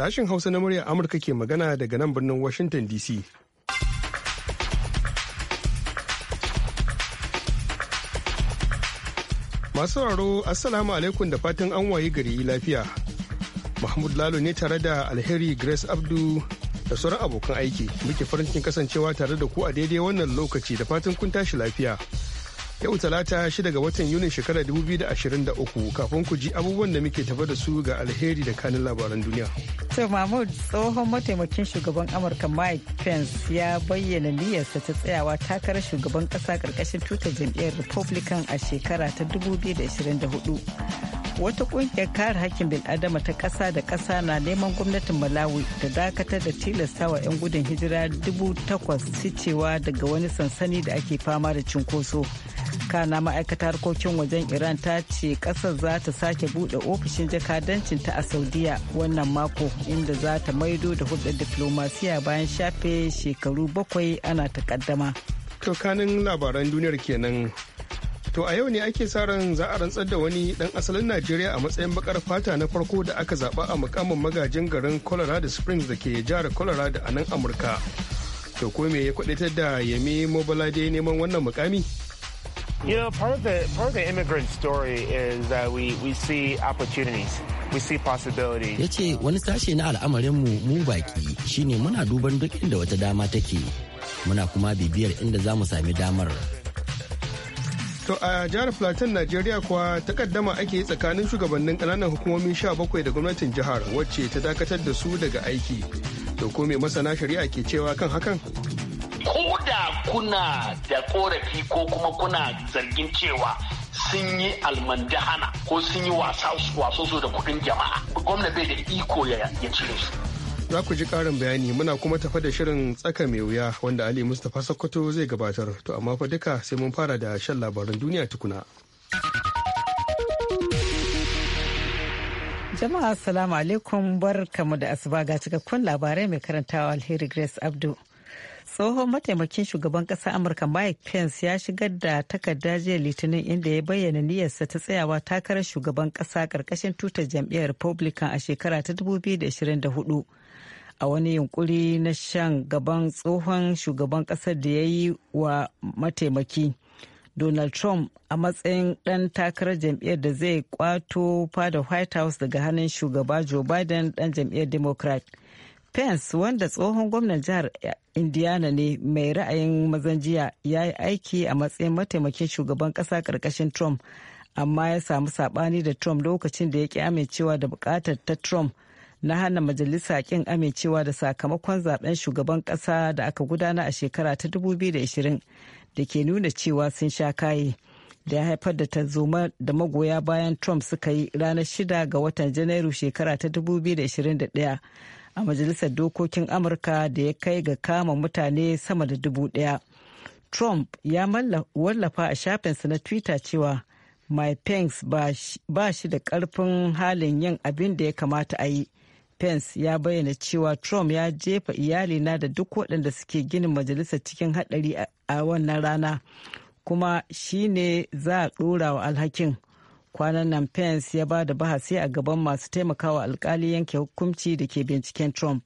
Sashen Hausa na murya Amurka ke magana daga nan birnin Washington DC. Masu sauraro Assalamu alaikum da fatan an waye gari lafiya. Mahmud Lalo ne tare da Alheri Grace Abdu da sauran abokan aiki muke farin cikin kasancewa tare da ku a daidai wannan lokaci da fatan kun tashi lafiya. yau talata shida ga watan yuni shekarar 2023 kafin ku ji abubuwan da muke tafa da su ga alheri da kanin labaran duniya. to mahmud tsohon mataimakin shugaban amurka mike pence ya bayyana niyyarsa ta tsayawa takarar shugaban kasa karkashin tutar jam'iyyar republican a shekara ta 2024 wata kungiyar kare hakkin bil'adama ta kasa da kasa na neman gwamnatin malawi da dakatar da tilastawa 'yan gudun hijira 8,000 cewa daga wani sansani da ake fama da cunkoso. kana ma'aikatar harkokin wajen iran ta ce kasar za ta sake bude ofishin jakadancin ta a saudiya wannan mako inda za ta maido da hulɗar diplomasiya bayan shafe shekaru bakwai ana takaddama to kanin labaran duniyar kenan to a yau ne ake sa ran za a rantsar da wani dan asalin najeriya a matsayin bakar fata na farko da aka zaba a mukamin magajin garin colorado springs da ke jihar colorado a nan amurka to ko me ya kwadatar da yemi mobalade neman wannan mukami You know, part of the part of the immigrant story is that we we see opportunities. We see possibilities. Ya ce wani sashe na al'amarinmu mu baki shine muna duban duk inda wata dama take. Muna kuma bibiyar inda za mu sami damar. To a jihar Plateau Najeriya kuwa takaddama ake yi tsakanin shugabannin ƙananan hukumomi 17 da gwamnatin jihar wacce ta dakatar da su daga aiki. To ko me masana shari'a ke cewa kan hakan? ko da kuna da korafi ko kuma kuna zargin cewa sun yi almandahana ko sun yi wasu da kudin jama'a gwamna bai da iko ya cire su za ku ji ƙarin bayani muna kuma tafa da shirin tsaka mai wuya wanda ali mustapha sokoto zai gabatar to amma fa duka sai mun fara da shan labaran duniya tukuna jama'a salamu alaikum bar kamu da asuba ga cikakkun labarai mai karantawa alheri grace abdu tsohon mataimakin shugaban ƙasar amurka mike pence ya shigar da takardar jiya litinin inda ya bayyana niyyarsa ta tsayawa takarar shugaban ƙasa ƙarƙashin tutar jam'iyyar republican a shekara ta 2024 a wani yunkuri na shan gaban tsohon shugaban ƙasar da ya yi wa mataimaki donald trump a matsayin ɗan takarar jam'iyyar da zai kwato fada white house daga hannun shugaba joe biden ɗan jam'iyyar democrat Pence wanda tsohon gwamnan jihar Indiana ne mai ra'ayin mazan jiya ya yi aiki a matsayin mataimakin shugaban ƙasa ƙarƙashin Trump, amma ya samu saɓani da Trump lokacin da ya ƙi amincewa da buƙatar ta Trump na hana majalisa ƙin amincewa da sakamakon zaben shugaban ƙasa da aka gudana a shekara ta 2020 da ke nuna cewa sun sha kayi da ya haifar da tanzoma da magoya bayan Trump suka yi ranar shida ga watan Janairu shekara ta 2021 a majalisar dokokin amurka da ya kai ga kama mutane sama da dubu daya trump ya wallafa a shafinsa na twitter cewa my pence ba shi da karfin halin yin abin da ya kamata a yi pence ya bayyana cewa trump ya jefa iyalina da duk waɗanda suke ginin majalisa cikin haɗari a wannan rana kuma shi ne za a ɗora wa alhakin kwanan nan pence ya ba da bahasi a gaban masu taimakawa alkali yanke hukunci da ke binciken trump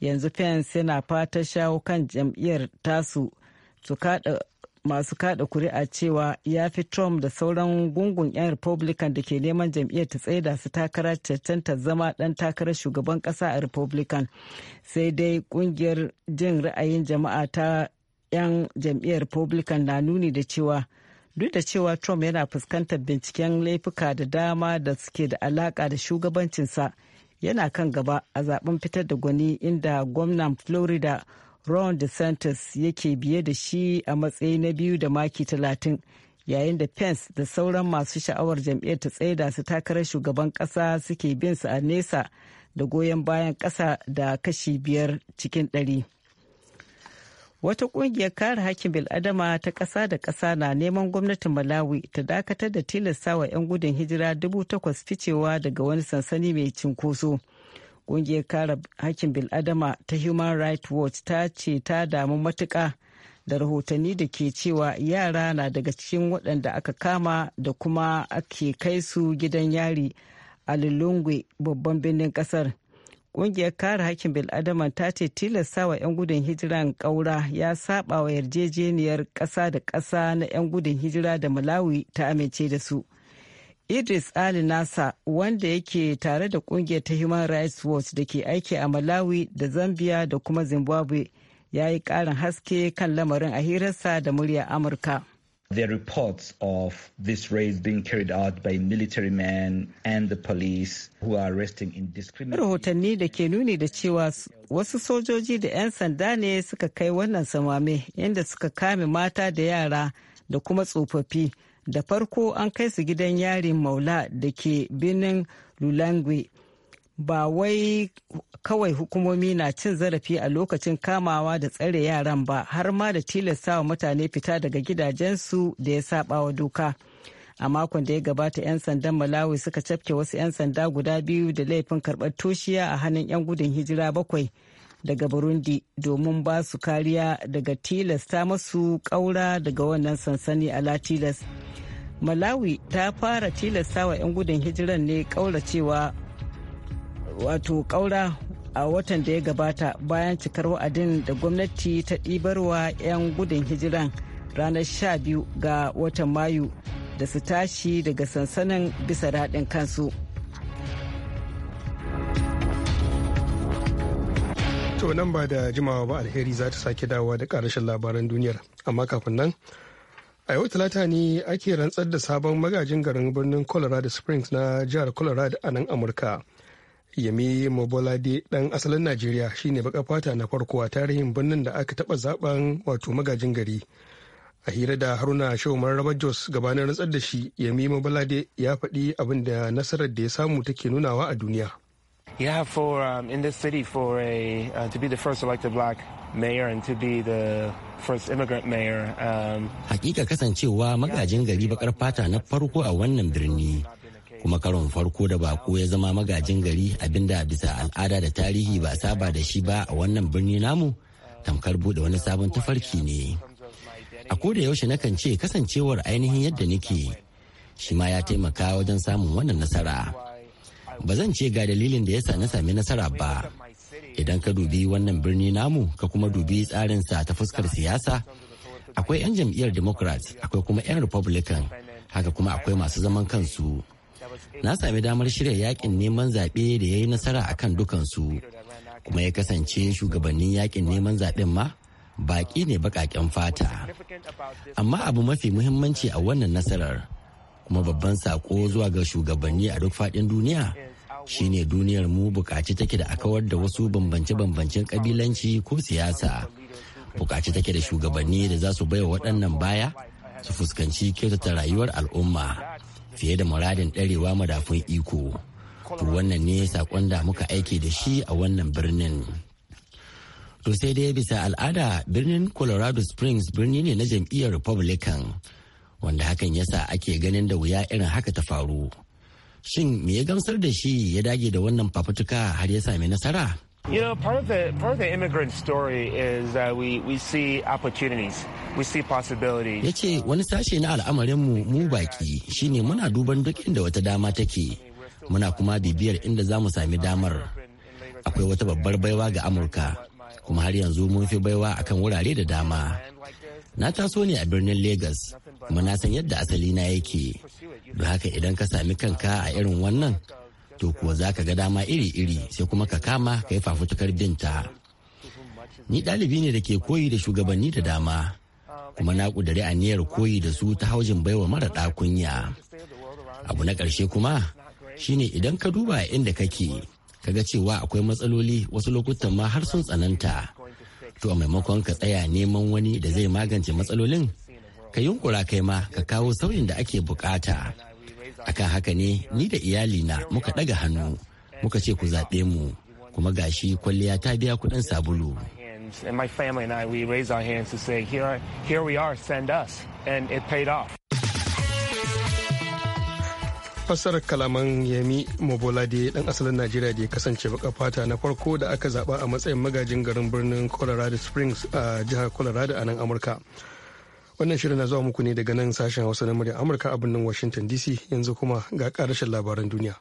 yanzu pence yana fata shawo kan jam'iyyar tasu su kada masu kada kuri'a cewa ya fi trump da sauran gungun 'yan republican da ke neman jam'iyyar ta tsaida su takara cancanta zama dan takarar shugaban kasa a republican sai dai kungiyar jin ra'ayin jama'a ta 'yan jam'iyyar republican na nuni da cewa duk da cewa trump yana fuskantar binciken laifuka da dama da suke da alaka da shugabancinsa yana kan gaba a zaben fitar da gwani inda gwamnan florida ron desantis yake biye da shi a matsayi na biyu da maki talatin yayin da pence da sauran masu sha'awar jam'iyyar ta tsaida su takarar shugaban kasa suke bin sa a nesa da goyon bayan kasa da kashi biyar cikin ɗari. wata kungiyar kare hakkin bil'adama ta ƙasa da ƙasa na neman gwamnatin malawi ta dakatar da tilastawa 'yan gudun hijira dubu takwas ficewa daga wani sansani mai cinkoso kungiyar kare hakkin bil'adama ta human rights watch ta ce ta damu matuka da rahotanni da ke cewa yara na daga cikin waɗanda aka kama da kuma ake kai su gidan yari a lulungwe babban birnin ƙasar. Ƙungiyar kare hakkin bil'adama ta ce tilasta wa 'yan gudun hijiran ƙaura ya saba wa yarjejeniyar ƙasa da ƙasa na 'yan gudun hijira da Malawi ta amince da su. Idris Ali Nasa wanda yake tare da kungiyar ta Human Rights Watch da ke aiki a Malawi da Zambia da kuma Zimbabwe ya yi ƙarin haske kan lamarin a hirarsa da muryar Amurka. There are reports of this raid being carried out by military men and the police who are arresting indiscriminately. Rahotanni da ke nuni da cewa wasu sojoji da 'yan sanda ne suka kai wannan samame inda suka kame mata da yara da kuma tsofaffi. Da farko an kai su gidan yarin maula da ke Lulangwe ba wai kawai hukumomi na cin zarafi a lokacin kamawa da tsare yaran ba har ma da tilastawa mutane fita daga gidajensu da ya saba wa doka a makon da ya gabata 'yan sandan malawi suka cafke wasu 'yan sanda guda biyu da laifin karɓar toshiya a hannun 'yan gudun hijira bakwai daga burundi domin ba su kariya daga tilasta masu kaura daga wannan sansani a latilas malawi ta fara tilasta wa 'yan gudun hijiran ne ƙauracewa wato ƙaura a watan da ya gabata bayan cikar wa'adin da gwamnati ta ɗibarwa 'yan gudun hijiran ranar 12 ga watan mayu da su tashi daga sansanin bisa daɗin kansu. To nan ba da jimawa ba alheri za ta sake dawowa da karashin labaran duniyar. Amma kafin nan, a yau talata ne ake rantsar da sabon magajin garin birnin Colorado Springs na jihar Colorado a nan Amurka. yami mobolade dan asalin najeriya shine baka fata na farko a tarihin birnin da aka taba zaben wato magajin gari a hira da haruna Shomar rabar jos gabanin rantsar da shi yami mobolade ya faɗi abin da nasarar da ya samu take nunawa a duniya yeah for um, in this city for a uh, to be the hakika kasancewa magajin gari bakar fata na farko a wannan birni kuma karon farko da bako ya zama magajin gari abinda bisa al'ada da tarihi ba saba da shi ba a wannan birni namu tamkar bude wani sabon tafarki ne a koda yaushe nakan ce kasancewar ainihin yadda nake shi ma ya taimaka wajen samun wannan nasara ba zan ce ga dalilin da yasa na sami nasara ba idan ka dubi wannan birni namu ka kuma dubi tsarinsa ta fuskar siyasa akwai 'yan jam'iyyar democrat akwai kuma 'yan republican haka kuma akwai masu zaman kansu na sami damar shirya yakin neman zaɓe da ya yi nasara a kan dukansu kuma ya kasance shugabannin yakin neman zaɓen ma baƙi ne baƙaƙen fata amma abu mafi muhimmanci a wannan nasarar kuma babban saƙo zuwa ga shugabanni a duk faɗin duniya shine duniyar mu buƙaci take da a kawar da wasu bambance-bambancen ƙabilanci ko siyasa buƙaci take da shugabanni da za su baiwa waɗannan baya su fuskanci kyautata rayuwar al'umma fiye da muradin ɗarewa madafun iko to wannan ne sakon da muka aiki da shi a wannan birnin to sai dai bisa al'ada birnin colorado springs birni ne na jam'iyyar republican wanda hakan yasa ake ganin da wuya irin haka ta faru shin me ya gamsar da shi ya dage da wannan fafutuka har ya sami nasara You know, part of the part of the immigrant story is that we we see opportunities, we see possibilities. Ya wani sashe na al'amarin mu mu baki shine muna duban duk inda wata dama take, muna kuma bibiyar inda za mu sami damar. Akwai wata babbar baiwa ga Amurka, kuma har yanzu mun fi baiwa akan wurare da dama. Na taso ne a birnin Legas, kuma na san yadda asali na yake. Don haka idan ka sami kanka a irin wannan, to kuwa za ka ga dama iri-iri sai kuma ka kama ka yi fafutukar binta ni ɗalibi ne da ke koyi da shugabanni da dama kuma na ƙudiri aniyar koyi da su ta haujin baiwa mara ɗakunya abu na ƙarshe kuma shine idan ka duba inda kake ga cewa akwai matsaloli wasu lokutan ma har sun tsananta to a maimakon ka tsaya neman wani da zai magance matsalolin ka yunkura kai ma ka kawo sauyin da ake bukata. akan haka ne ni da iyalina muka daga hannu muka ce ku zaɓe mu kuma gashi kwalliya ta biya kuɗin sabulu fasar kalaman yami mobolade dan asalin najeriya da ya kasance baka fata na farko da aka zaba a matsayin magajin garin birnin colorado springs a jihar colorado a nan amurka wannan shirin na zuwa muku ne daga nan sashen hausa na murya amurka a birnin washington dc yanzu kuma ga karashen labaran duniya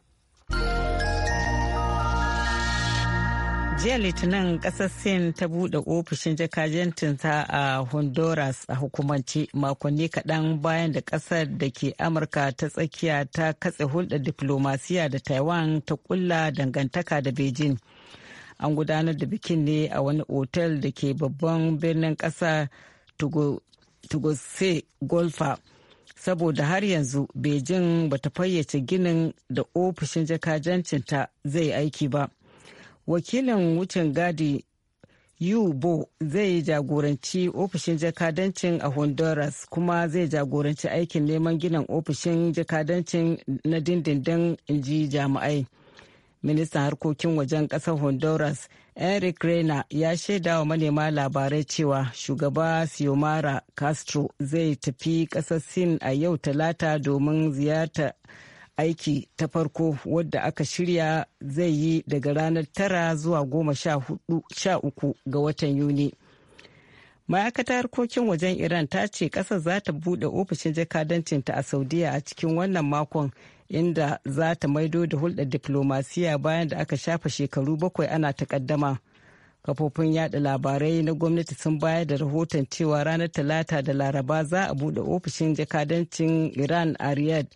jiya litinin kasar sin ta buɗe ofishin ta a honduras a hukumance makonni kaɗan bayan da ƙasar da ke amurka ta tsakiya ta katse hulɗar diplomasiya da taiwan ta kulla dangantaka da beijing an gudanar da bikin ne a wani otel da ke babban birnin ƙasar tugose golfa saboda har yanzu beijing bata fayyace ginin da ofishin jakajancinta zai aiki ba wakilin wucin gadi yu bo zai jagoranci ofishin jakadancin a honduras kuma zai jagoranci aikin neman ginin ofishin jakadancin na dindindin inji jami'ai ministan harkokin wajen kasar honduras Eric Rena ya shaida wa manema labarai cewa shugaba Xiomara Castro zai tafi ƙasar Sin a yau talata domin ziyarta aiki ta farko wadda aka shirya zai yi daga ranar tara zuwa goma sha uku ga watan Yuni. ma'aikata harkokin wajen iran ta ce kasar za ta bude ofishin jakadancinta a saudiya a cikin wannan makon inda za ta maido da hulɗar diplomasiya bayan da aka shafa shekaru bakwai ana takaddama kafofin yada labarai na gwamnati sun bayar da rahoton cewa ranar talata da laraba za a bude ofishin jakadancin iran a riyadh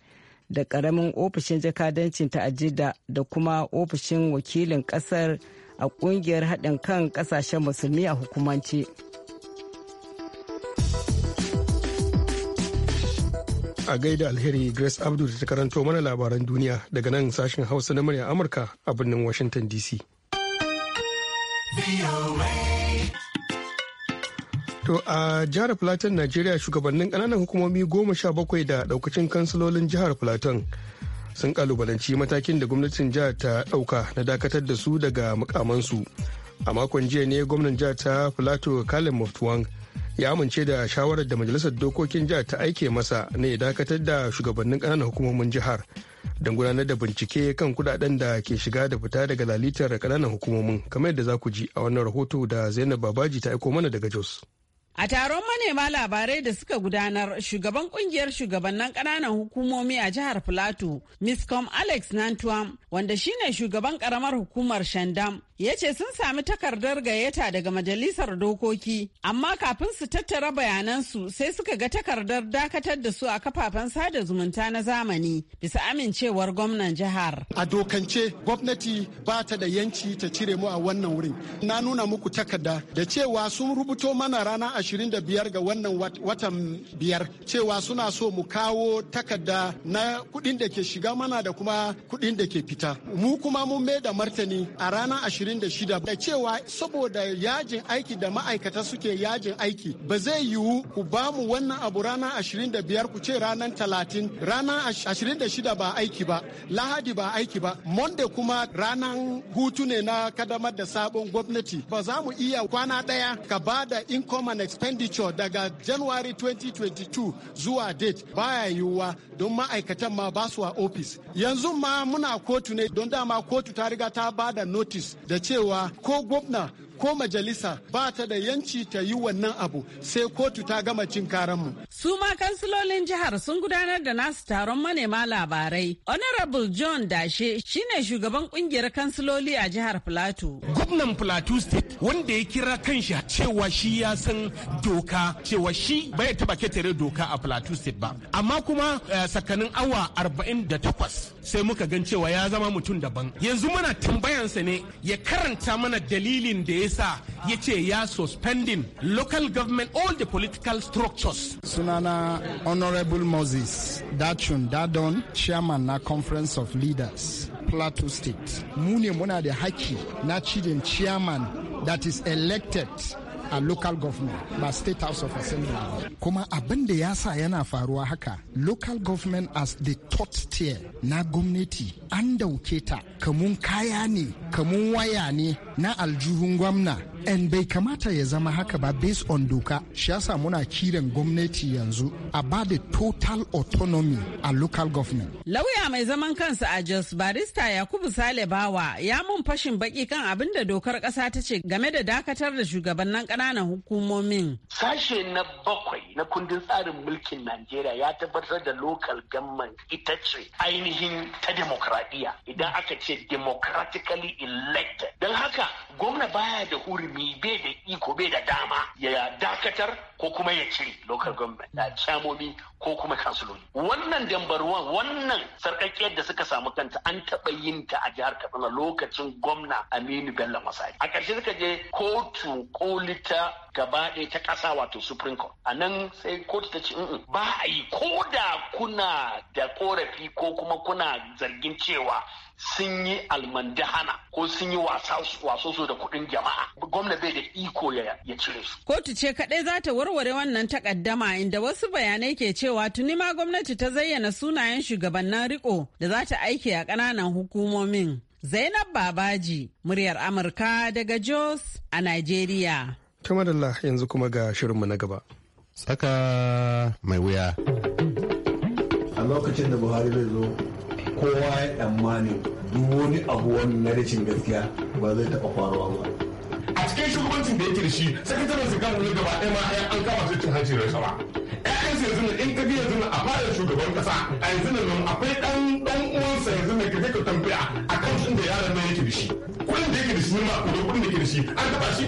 da karamin ofishin jakadancin ta ajida da kuma ofishin wakilin kasar a kungiyar haɗin kan ƙasashen musulmi a hukumance. a gaida alheri Grace Abdu da ta karanto mana labaran duniya daga nan sashen Hausa na murya Amurka a birnin Washington DC. To a jihar platon Najeriya shugabannin ƙananan hukumomi goma sha bakwai da ɗaukacin kansilolin jihar platon sun kalubalanci matakin da gwamnatin jihar ta ɗauka na dakatar da su daga mukamansu. A makon jiya ne gwamnan jihar ta plato Kalin Moftuwang ya amince da shawarar da majalisar dokokin jihar ta aike masa na ya dakatar da shugabannin kananan hukumomin jihar don gudanar da bincike kan kudaden da ke shiga da fita daga lalitar kananan hukumomin kamar yadda za ku ji a wannan rahoto da zainab babaji ta aiko mana daga jos a taron manema labarai da suka gudanar shugaban kungiyar shugabannin kananan hukumomi a jihar plateau miscom alex nantuam wanda shine shugaban karamar hukumar shandam ya ce sun sami takardar gayyata daga majalisar dokoki amma kafin su tattara bayanansu sai suka ga takardar dakatar da su a kafafen sada zumunta na zamani bisa amincewar gwamnan jihar a dokance gwamnati ba ta da yanci ta cire mu a wannan wurin na nuna muku takarda da cewa sun rubuto mana rana 25 ga wannan watan biyar cewa suna so mu kawo takarda na kuɗin da ke shiga mana da kuma kuɗin da ke fita mu kuma mun mai da martani a ranar 26 da cewa saboda yajin aiki da ma'aikata suke yajin aiki ba zai yiwu ku ba mu wannan abu rana 25 ku ce ranar 30 ranar 26 ba aiki ba lahadi ba aiki ba monday kuma ranar hutu ne na kadamar da sabon gwamnati ba za mu iya kwana daya ka ba da income and expenditure daga january 2022 zuwa date baya yiwuwa don ma'aikatan ma ba su a ofis yanzu ma muna kotu ne don dama kotu ta riga ta ba da notice da cewa ko gwamna ko majalisa ba ta da yanci ta yi wannan abu sai kotu ta gama cin karanmu. Su ma kansilolin jihar sun gudanar da nasu taron manema labarai. Honorable John Dashe shine shugaban kungiyar kansiloli a jihar Plateau. Gwamnan Plateau State wanda ya kira kanshi cewa shi ya san doka cewa shi bai taba ketare doka a Plateau State ba. Amma kuma eh, sakanin awa 48 sai muka gan cewa ya zama mutum daban. Yanzu muna tambayansa ne ya karanta mana dalilin da ya sa ya ce ya suspending local government all the political structures sunana honorable moses dachun dadon chairman na conference of leaders plateau state mu ne muna da haki na cidin chairman that is elected a local government ba state house of assembly kuma abin da ya sa yana faruwa haka local government as the third tier na gwamnati an dauke ta kamun kaya ne kamun waya ne na aljuhun gwamna and bai kamata ya zama haka ba based on doka shi yasa muna kiran gwamnati yanzu a ba da total autonomy a local government lauya mai zaman kansa a jos barista yakubu sale bawa ya mun fashin baki kan abin da dokar kasa ta ce game da dakatar da shugabannin kananan hukumomin sashe na bakwai na kundin tsarin mulkin najeriya ya tabbatar da local government ita ce ainihin ta demokradiya idan aka ce democratically elected don haka haka gwamna baya da hurumi bai da iko bai da dama ya dakatar ko kuma ya cire local government da camomi ko kuma kansuloli wannan dambarwan wannan sarkakkiyar da suka samu kanta an taɓa yin ta a jihar katsina lokacin gwamna aminu bello masari a ƙarshe suka je kotu koli ta gaba ɗaya ta ƙasa wato supreme court a nan sai kotu ta ce ba a yi ko da kuna da korafi ko kuma kuna zargin cewa sun yi almandahana ko sun yi waso su da kuɗin jama'a gwamna bai da iko ya cire su kotu ce kaɗai za ta warware wannan takaddama inda wasu bayanai ke cewa tuni ma gwamnati ta zayyana sunayen shugabannin riko da za ta aiki a ƙananan hukumomin. Zainab Babaji, muryar Amurka daga Jos a Najeriya. Tamadalla yanzu kuma ga shirinmu na gaba. Tsaka mai wuya. A lokacin da Buhari zai zo, kowa ya tsammanin duk wani abu wani na rashin gaskiya ba zai taɓa faruwa ba. shugabancin da ya da shi sakataren su kan gaba ɗaya ma an kama su cin hanci da sama su yanzu zina in ka bi yanzu a fara shugaban kasa a yanzu nan akwai ɗan ɗan uwansa yanzu ne ka je ka tambaya kan sun da yaran nan ya da shi kuɗin da ya da shi ma kuɗin da ya da shi an taɓa shi.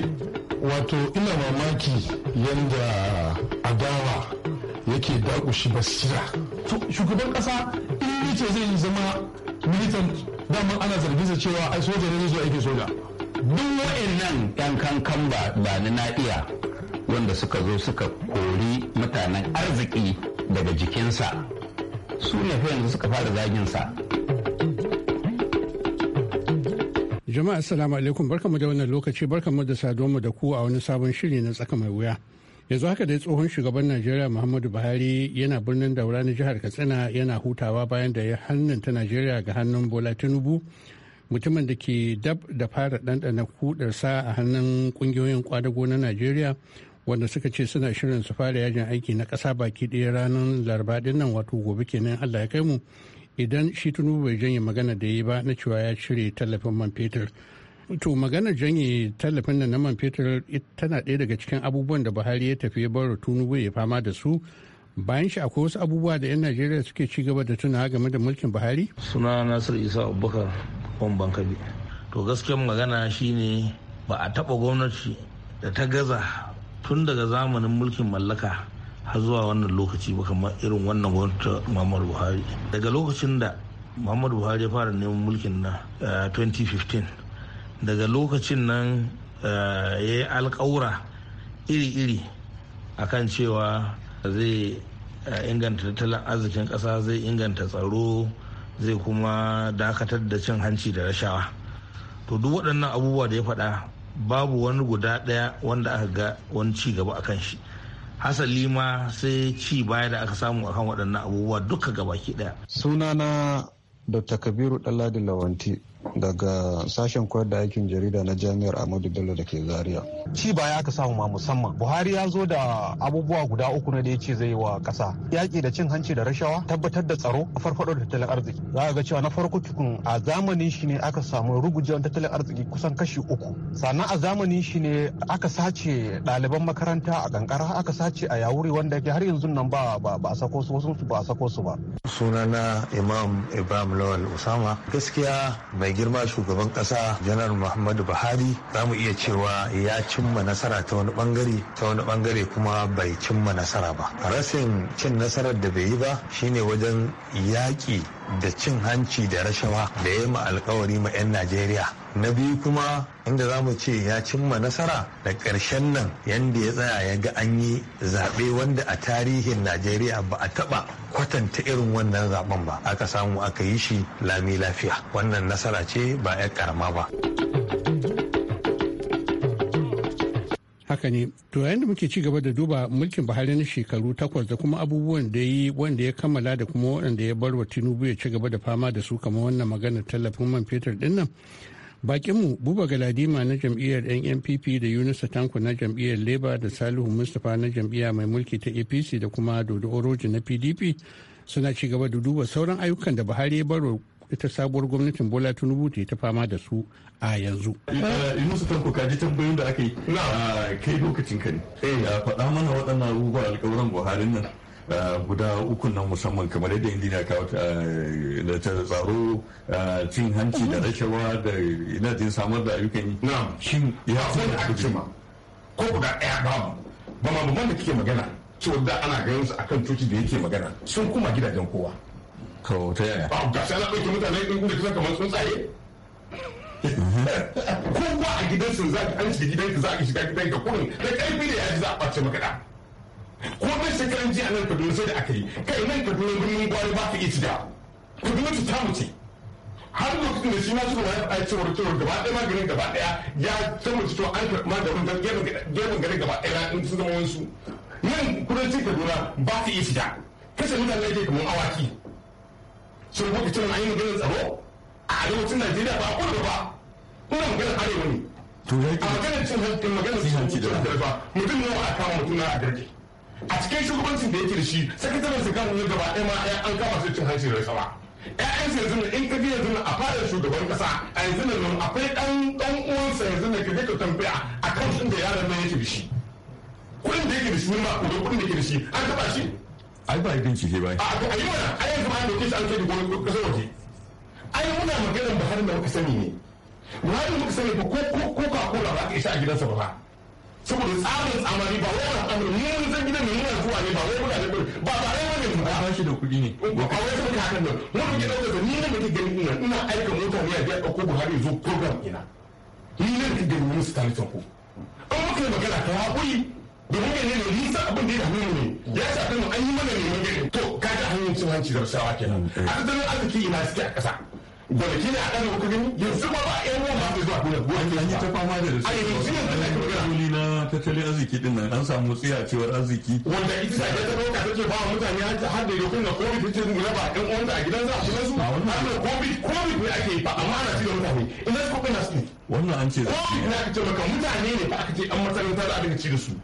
wato ina mamaki yanda adawa yake dakushi basira shugaban kasa in yace zai zama militant daman ana zargin cewa ai soja ne zai zo aikin soja duk wa'annan yan kankan ba ba ni na iya wanda suka zo suka kori mutanen arziki daga jikinsa su ne fa yanzu suka fara zaginsa jama'a assalamu alaikum barkamu da wannan lokaci barkamu da saduwa da ku a wani sabon shiri na tsaka mai wuya yanzu haka dai tsohon shugaban najeriya muhammadu buhari yana birnin daura na jihar katsina yana hutawa bayan da ya ta najeriya ga hannun bola tinubu mutumin da ke dab da fara ɗanɗana kudarsa a hannun ƙungiyoyin kwadago na najeriya wanda suka ce suna shirin su fara yajin aiki na ƙasa baki ɗaya ranar laraba ɗin nan wato gobe kenan allah ya kai mu idan shi tunubu bai janye magana da yi ba na cewa ya cire tallafin man fetur to maganar janye tallafin da na man fetur tana ɗaya daga cikin abubuwan da buhari ya tafi ya baro tunubu ya fama da su bayan shi akwai wasu abubuwa da 'yan najeriya suke ci gaba da tunawa game da mulkin buhari suna nasir isa abubakar kwan kabi to gaskiyar magana shine ba a taba gwamnati da ta gaza tun daga zamanin mulkin mallaka har zuwa wannan lokaci ba kamar irin wannan gwamnati muhammadu buhari daga lokacin da muhammadu buhari ya fara neman mulkin na 2015 eh, daga lokacin nan eh, ya yi alkawura iri-iri akan cewa zai eh, inganta tattalin arzikin ƙasa zai inganta tsaro zai kuma dakatar da cin hanci da rashawa to duk waɗannan abubuwa da ya faɗa babu wani guda ɗaya wanda aka ga wani ci gaba a kan shi hasali ma sai ci baya da aka samu akan waɗannan abubuwa duka gabaki ɗaya sunana dr kabiru ɗanladi lawanti daga sashen koyar da aikin jarida na jami'ar Ahmadu Bello da ke Zaria. Ci baya aka samu ma musamman. Buhari ya zo da abubuwa guda uku na da ya ce zai yi wa ƙasa. Yaƙi da cin hanci da rashawa, tabbatar da tsaro, A farfaɗo da tattalin arziki. Za ga cewa na farko tukun a zamanin shi ne aka samu rugujewan tattalin arziki kusan kashi uku. Sannan a zamanin shi ne aka sace ɗaliban makaranta a kankara aka sace a yawuri wanda ke har yanzu nan ba a sako su wasu ba a sako su ba. Sunana Imam Ibrahim Lawal Usama gaskiya bai girma shugaban kasa janar muhammadu buhari za mu iya cewa ya cimma nasara ta wani bangare ta wani bangare kuma bai cimma nasara ba rasin cin nasarar da bai yi ba shine wajen yaƙi da cin hanci da rashawa da ya ma alkawari ma 'yan najeriya na biyu kuma inda za mu ce ya cimma nasara da ƙarshen nan yadda ya tsaya ya ga an yi zaɓe wanda a tarihin najeriya ba a taɓa kwatanta irin wannan zaɓen ba aka samu aka yi shi lami lafiya wannan nasara ce ba 'yan ƙarama ba. haka ne to yayin da muke ci gaba da duba mulkin buhari na shekaru takwas da kuma abubuwan da yi wanda ya kammala da kuma waɗanda ya bar wa tinubu ya ci gaba da fama da su kamar wannan maganar tallafin man fetur dinnan bakinmu buba galadima na jam'iyyar nnpp da yunusa tanko na jam'iyyar labour da salihu mustapha na jam'iyya mai mulki ta apc da kuma dodo oroji na pdp suna ci gaba da duba sauran ayyukan da buhari ya bar ita sabuwar gwamnatin bola tinubu ta ta fama da su a yanzu. su tanko kaji ji tambayoyin da aka yi ah, kai lokacin ka ne eh, faɗa mana waɗannan abubuwa alƙawuran buhari nan ah, guda uku nan musamman kamar yadda indiya kawo da eh, ta tsaro ah, cin hanci da rashawa da ina jin samar da ayyukan yi shin ya fi da aka ma ko guda ɗaya mu ba ma da kike magana cewa da ana ganin su akan coci da yake magana sun kuma gidajen kowa ko ta yaya ba ga sai na ɗauki mutane in da kusa kamar tsuntsaye kowa a sun za ka an gidan gidanka za ka shiga gidanka kurin da ƙarfi da ji za a ɓace maka ɗa ko ɗan shekaran jiya nan kaduna sai da aka yi kai nan kaduna birnin gwari ba ka iya shiga kaduna ta tamu ce har lokacin da shi ma suka wani a cewar cewar gaba ɗaya maganin gaba ɗaya ya san mutu to an karɓi maganin don gefen garin gaba ɗaya in sun zama wansu nan kudancin kaduna ba ka iya shiga kashe mutane ke kamar awaki shin lokacin an yi maganar tsaro a arewacin najeriya ba kudu ba kuna maganar arewa ne A ya maganar cin hanci maganar cin hanci da ba mutum ne a kama mutum na a garke a cikin shugabancin da yake da shi sakataren su kan ne gaba ɗaya ma an kama su cin hanci da rasawa ƴaƴan su yanzu in ka bi yanzu a fara shugaban kasa a yanzu nan akwai ɗan ɗan uwansa yanzu ne ka je ka tambaya a kan inda da yaron nan yake da shi kuɗin da yake da shi ne ma kuɗin da yake da shi an taɓa shi ai ba bincike ba a to ayi mana ai yanzu ba da kisa an kai da gwamnati kasar waje ai muna maganar Buhari da muka sani ne Buhari muka sani ba ko ko ko ka kula ba ka isa a gidansa ba saboda tsarin tsamari ba wani an ne mun san gidan mun yana zuwa ne ba wai muna da ba ba wai wani ne ba shi da kuɗi ne ba wai sun ka kan nan mun gidan da ni ne muke gani ina ina aika mota ne a biya ɗauko Buhari zo program ina ni ne muke gani mun su tare ku an muke magana ta haƙuri domin ne ne nisa abin da ya hannu ne ya shafi mu an yi mana neman gari to ka ga hanyar cin hanci da rasawa kenan a tattalin arziki ina suke a ƙasa gonaki ne a ɗan da kudin yanzu ma ba yan uwa ba zuwa kuna an yi ta fama da su a yanzu yanzu da kuma kuli na tattalin arziki din nan an samu tsaya cewar arziki wanda ita ta ta dauka take ba mutane har da lokacin da covid ta ce zuwa ba ɗan uwan a gidan za a shiga su har da covid covid ne ake yi ba amma ana mutane ina su kuma na su wannan an ce ne ce mutane ne ba aka ce an matsalatar da ci da su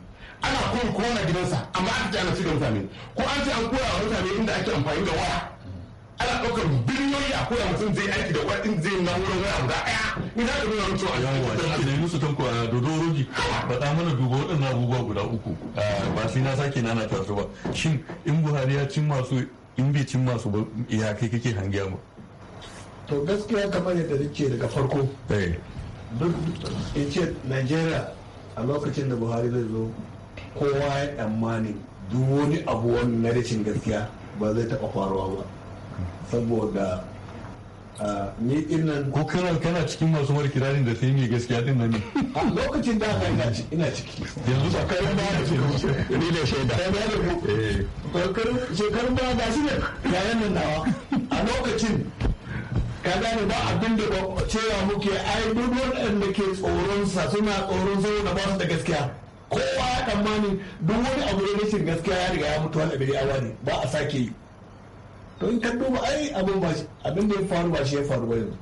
ana kuma kowane gidansa amma aka ce ana cigaba mutane ko an ce an koya wa mutane inda ake amfani da waya ana ɗaukar biliyoyi a koya mutum zai aiki da waya zai na wurin waya guda ɗaya ina da nuna mutum a yawa shi ne musu tanko a dodoroji faɗa mana duba waɗannan abubuwa guda uku ba sai na sake nana tasu ba shin in buhari ya cimma su in bai cimma su ba ya kai kake hangiya ba to gaskiya kamar yadda nake daga farko eh. duk in ce nigeria a lokacin da buhari zai zo kowa ya tsammanin duk wani abu wani na rashin gaskiya ba zai taɓa faruwa ba saboda ni irin ko kana kana cikin masu mara kirarin da sai mai gaskiya din nan lokacin da aka ina ciki ina ciki yanzu shekarun ba da ciki ni da shaida kai da ku eh. shekarun ba da shi ne yayin nan dawa a lokacin ka gane ba abin da cewa muke ai duk wanda ke tsoron sa suna tsoron saboda ba su da gaskiya kowa ya tsammani duk wani abu da rashin gaskiya ya riga ya mutu wani abin ya wani ba a sake yi to in ka duba ai abin ba abin da ya faru ba shi ya faru ba yanzu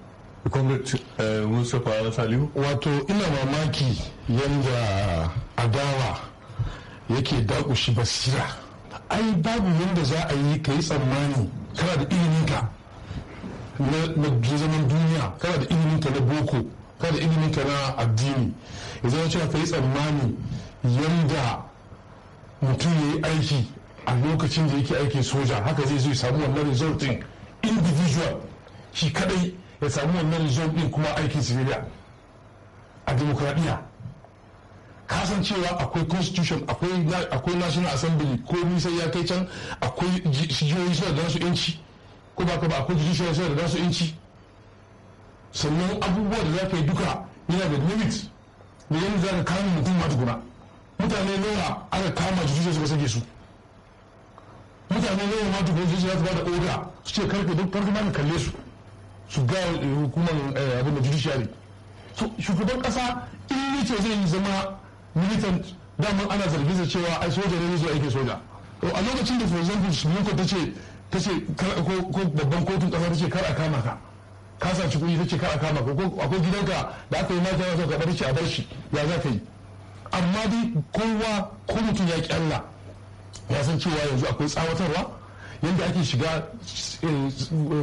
comrade eh, mustapha salihu wato ina mamaki yanda adawa yake dakushi basira ai babu yanda za a yi ka yi tsammani kana da ilimin ka na zaman duniya kana da ilimin ka na boko Kana da ilimin ka na addini ya ce ka yi tsammani yadda mutum ya yi aiki a lokacin da yake aikin soja haka zai zai ya samu wannan result din individual shi kadai ya samu wannan result din kuma aikin civilian a demokradiyya kasan cewa akwai constitution akwai national assembly ko nisan ya kai can akwai jiyoyi suna da nasu inci ko ba ka ba akwai judiciary suna da nasu inci sannan abubuwa da za ka yi duka yana da limit da yanzu za ka kama mutum ma guna mutane nawa aka kama su zuciya suka sake su mutane nawa ma tukun zuciya su ba da oda su ce karfe duk farko ma kalle su su ga eh, hukumar eh, abin da judiciary shugaban kasa in ni ce zai zama militan daman ana zargin sa cewa ai soja ne zuwa aike soja to a lokacin da for example ta ce ta ce ko babban kotun kasa ce kar a kama ka ka saci kuɗi ce kar a kama ka ko akwai gidanka da aka yi mata zo ka bar shi a bar shi ya za ka yi amma dai kowa ko mutum ya ki Allah ya san cewa yanzu akwai tsawatarwa yadda ake shiga eh,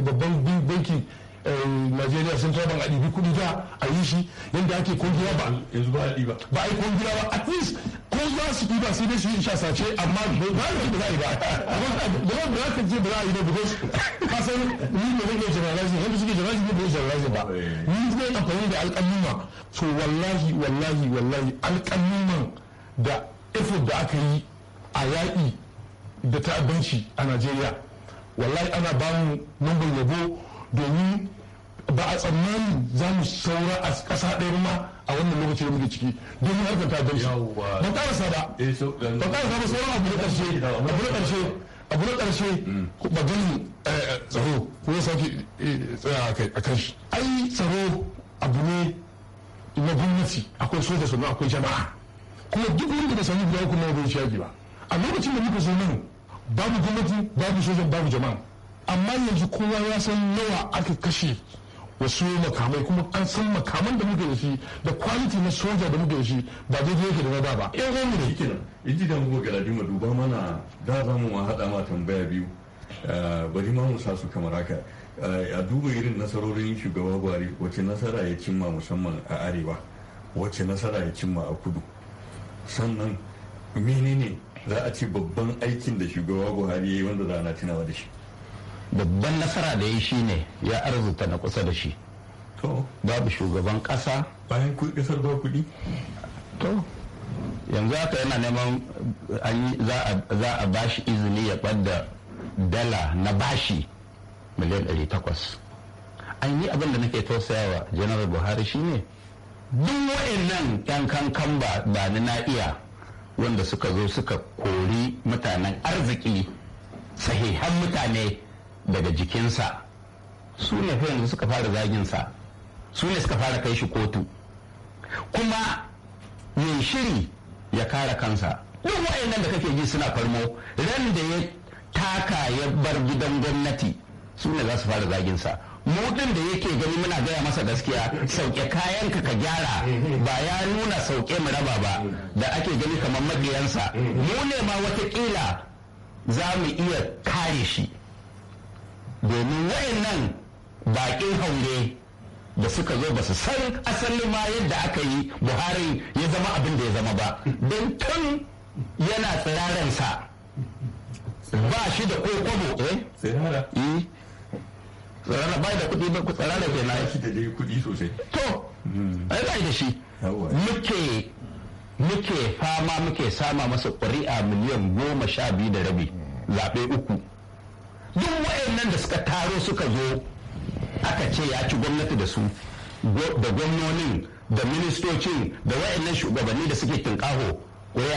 babban banki Eh, najeriya sun ban a ɗibi kuɗi da a yi shi yadda ake kungiya ba yanzu ba a ba ba yi kungiya ba at least ko za su ɗiba sai dai su yi sha sace amma ba za su ba za a yi ba da ba ba za ka je ba za a yi ba because ka san ni ne zai generalizing yadda suke generalizing ne ba generalizing ba ni zai amfani da alƙaluma so wallahi wallahi wallahi alƙaluman da effort da aka yi a yaƙi da ta'addanci a najeriya wallahi ana bamu numbar yabo domin ba a tsammani za mu saura a ƙasa ɗaya ma a wannan lokaci da muke ciki yin harkar shi ba ƙarasa ba eh, eh, ba ƙarasa ba sauran abu na ƙarshe eh, abu na ƙarshe abu na ƙarshe maganin mm. tsaro ko ya sake tsaya a kan shi ai tsaro abu ne na gwamnati akwai soja sannan akwai jama'a kuma duk wanda bai sami guda uku na bai shagi ba a lokacin da muka zo nan babu gwamnati babu sojan babu jama'a amma yanzu kowa ya san nawa aka kashe wasu makamai kuma an san makaman da muke da shi da kwaliti na soja da muke da shi ba daidai yake da na da ba yan eh, eh, mu ne kenan iji da mu ga ladima duba mana da za mu haɗa ma tambaya biyu eh, bari ma mu sa su kamar haka a duba irin nasarorin shugaba buhari wace nasara ya cimma musamman a arewa wace nasara ya cimma a kudu sannan menene za a ce babban aikin da shugaba buhari ya yi wanda za a tunawa da shi babban nasara da ya shi ne ya arzuta na kusa da shi babu shugaban kasa bayan kuɗi kasar ba kuɗi to yanzu haka yana neman eh, za a bashi izini ya ɓadda dala na bashi miliyan 800 an yi abin da nake tausayawa janar buhari shine duk wa'annan yan kankan ba da ni na iya wanda suka zo suka kori mutanen arziki sahihan mutane daga jikinsa su ne fa suka fara zaginsa su ne suka fara kai shi kotu kuma mai shiri ya kara kansa duk waɗannan da kake ji suna farmo ran da ya taka ya bar gidan gwamnati su ne za su fara zaginsa mu da yake gani muna gaya masa gaskiya sauke kayanka ka gyara ba ya nuna sauke mu raba ba da ake gani kamar mabiyansa mu ne ma watakila za mu iya kare shi domin nan baƙin haure da suka zo ba su san asalin ma yadda aka yi buhari ya zama abin da ya zama ba don tun yana tsirarensa ba shi da kokobo kwabo eh? eh tsirara ba da kudi ba tsirara ke na shi da dai kuɗi sosai to hmm. ai bai da shi muke muke fama muke sama masa ƙuri'a miliyan goma sha biyu da rabi zaɓe uku duk waɗannan da suka taro suka zo aka ce ya ci gwamnati da su da gwamnonin da ministocin da wayannan shugabanni da suke tinkaho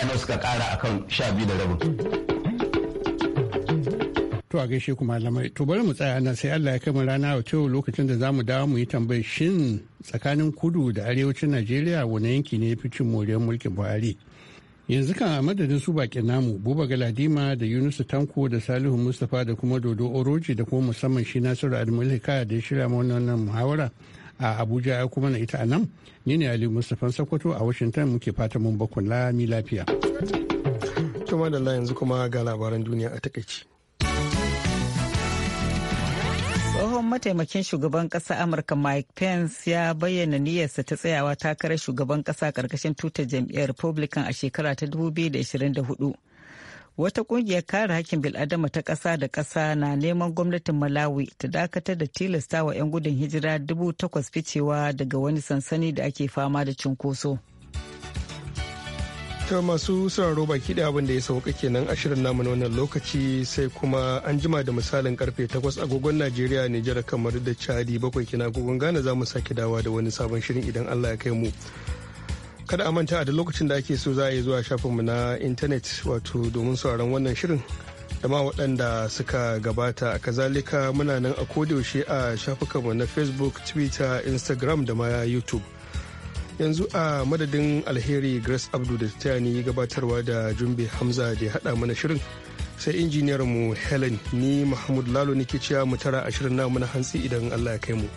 nan suka kara akan sha biyu da rabin to a gaishe ku malamai to bari mu tsaya nan sai Allah ya kai mu rana a cewa lokacin da zamu dawo mu yi tambayar shin tsakanin kudu da arewacin Najeriya wani yanki ne ya fi cin moriyar mulkin Buhari yanzu kan a madadin su bakin namu buba galadima da yunusu tanko da salihu mustapha da kuma dodo oroji da kuma musamman shi nasiru admalika da ya shirya wannan muhawara a abuja ya kuma na ita a nan ni ne ali mustapha sokoto a washington muke fata mun bakun lami lafiya kuma to yanzu kuma ga labaran duniya a takaici Tsohon mataimakin shugaban kasa Amurka Mike Pence ya bayyana niyyarsa ta tsayawa takarar shugaban kasa karkashin tutar jam'iyyar Republican a shekara ta 2024. Wata ƙungiyar kare hakkin bil'adama ta ƙasa da ƙasa na neman gwamnatin Malawi ta dakatar da tilasta wa 'yan gudun hijira dubu takwas ficewa daga wani sansani da ake fama da cunkoso. ta masu sauraro baki da abin da ya sauka kenan a shirin namu na wannan lokaci sai kuma an jima da misalin karfe 8 agogon Najeriya Nijar kamar da Chadi bakwai kina agogon Ghana za mu sake dawa da wani sabon shirin idan Allah ya kai mu. Kada a manta a da lokacin da ake so za a yi zuwa shafinmu na intanet wato domin sauraron wannan shirin da ma waɗanda suka gabata a kazalika muna nan a kodayaushe a shafukanmu na Facebook, Twitter, Instagram da ma YouTube. yanzu a madadin alheri grace abdu da ta ni gabatarwa da jumbe hamza da ya hada mana shirin sai injiniyarmu helen ni mahmud lalo nake cewa mu tara a shirin namu hantsi idan allah ya kai mu.